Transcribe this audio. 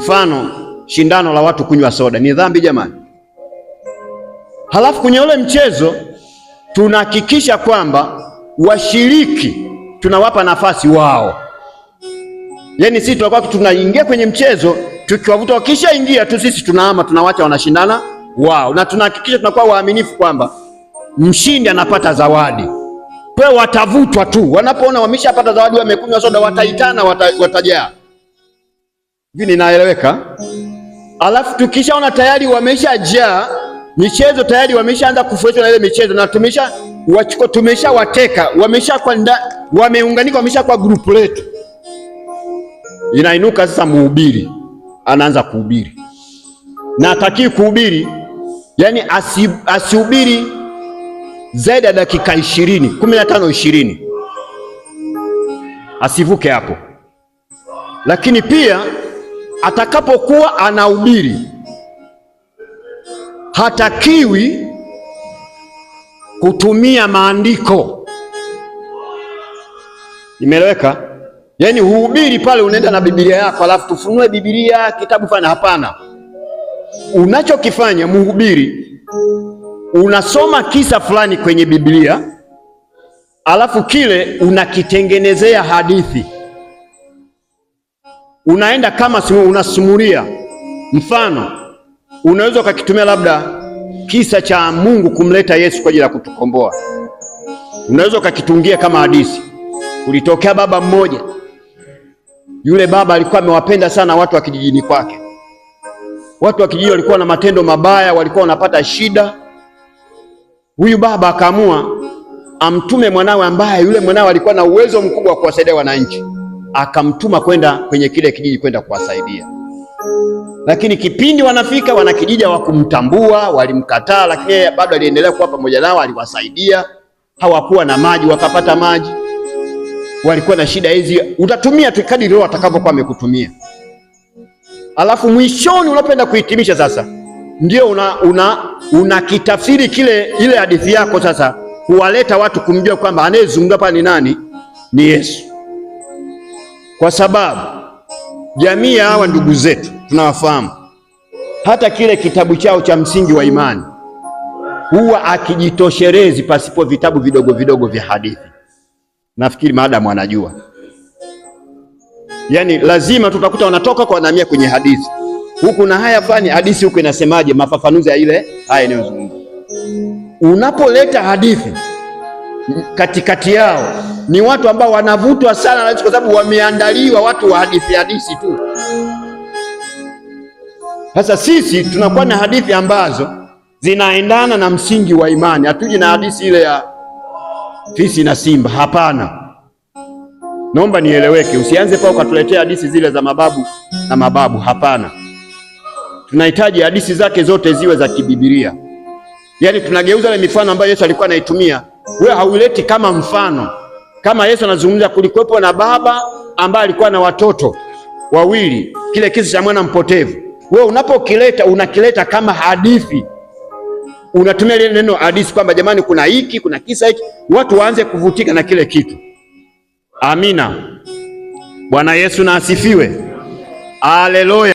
Mfano, shindano la watu kunywa soda ni dhambi jamani? Halafu kwenye ule mchezo tunahakikisha kwamba washiriki tunawapa nafasi wao, yaani sisi tunakuwa tunaingia kwenye mchezo tukiwavuta, wakishaingia tu sisi tunaama tunawacha wanashindana wao, na tunahakikisha tunakuwa waaminifu kwamba mshindi anapata zawadi. Kwa watavutwa tu, wanapoona wameshapata zawadi, wamekunywa soda, wataitana, watajaa Hivi ninaeleweka? Alafu tukishaona tayari jaa michezo tayari wameshaanza kufurahishwa na ile michezo na tumesha wachuko tumesha wateka wamesha kwa nda, wameunganika wamesha kwa grupu letu, inainuka sasa mhubiri anaanza kuhubiri na atakii kuhubiri yani asi, asihubiri zaidi ya dakika ishirini kumi na tano ishirini asivuke hapo, lakini pia atakapokuwa anahubiri hatakiwi kutumia maandiko. Imeeleweka? Yaani huhubiri pale, unaenda na Biblia yako alafu tufunue Biblia kitabu fana. Hapana, unachokifanya mhubiri, unasoma kisa fulani kwenye Biblia alafu kile unakitengenezea hadithi unaenda kama simu, unasimulia. Mfano unaweza ukakitumia labda kisa cha Mungu kumleta Yesu kwa ajili ya kutukomboa, unaweza ukakitungia kama hadithi. Kulitokea baba mmoja, yule baba alikuwa amewapenda sana watu wa kijijini kwake. Watu wa kijiji walikuwa na matendo mabaya, walikuwa wanapata shida. Huyu baba akaamua amtume mwanawe, ambaye yule mwanawe alikuwa na uwezo mkubwa wa kuwasaidia wananchi akamtuma kwenda kwenye kile kijiji kwenda kuwasaidia. Lakini kipindi wanafika wanakijiji hawakumtambua, walimkataa, lakini yeye bado aliendelea kuwa pamoja nao, aliwasaidia. Hawakuwa na maji, wakapata maji. Walikuwa na shida hizi, utatumia tu kadiri leo atakavyokuwa amekutumia. Alafu mwishoni unapenda kuhitimisha sasa, ndio unakitafsiri una, una kile ile hadithi yako sasa, kuwaleta watu kumjua kwamba anayezungumza hapa ni nani, ni Yesu kwa sababu jamii ya hawa ndugu zetu tunawafahamu. Hata kile kitabu chao cha msingi wa imani huwa akijitosherezi pasipo vitabu vidogo vidogo vya hadithi. Nafikiri maadamu anajua, yaani lazima tutakuta wanatoka kwa wanamia kwenye hadithi huku na haya fani hadithi huku inasemaje, mafafanuzi ya ile haya inayozungumza. Unapoleta hadithi katikati yao ni watu ambao wanavutwa sana na kwa sababu wameandaliwa watu wa hadithi hadithi tu. Sasa sisi tunakuwa na hadithi ambazo zinaendana na msingi wa imani. Hatuji na hadithi ile ya fisi na simba, hapana. Naomba nieleweke, usianze pa ukatuletea hadithi zile za mababu na mababu, hapana. Tunahitaji hadithi zake zote ziwe za kibibilia, yaani tunageuza ile mifano ambayo Yesu alikuwa anaitumia wewe hauleti kama mfano. Kama Yesu anazungumza, kulikuwepo na baba ambaye alikuwa na watoto wawili, kile kisa cha mwana mpotevu. Wewe unapokileta unakileta kama hadithi, unatumia lile neno hadithi, kwamba jamani, kuna hiki, kuna kisa hiki, watu waanze kuvutika na kile kitu. Amina. Bwana Yesu na asifiwe. Haleluya.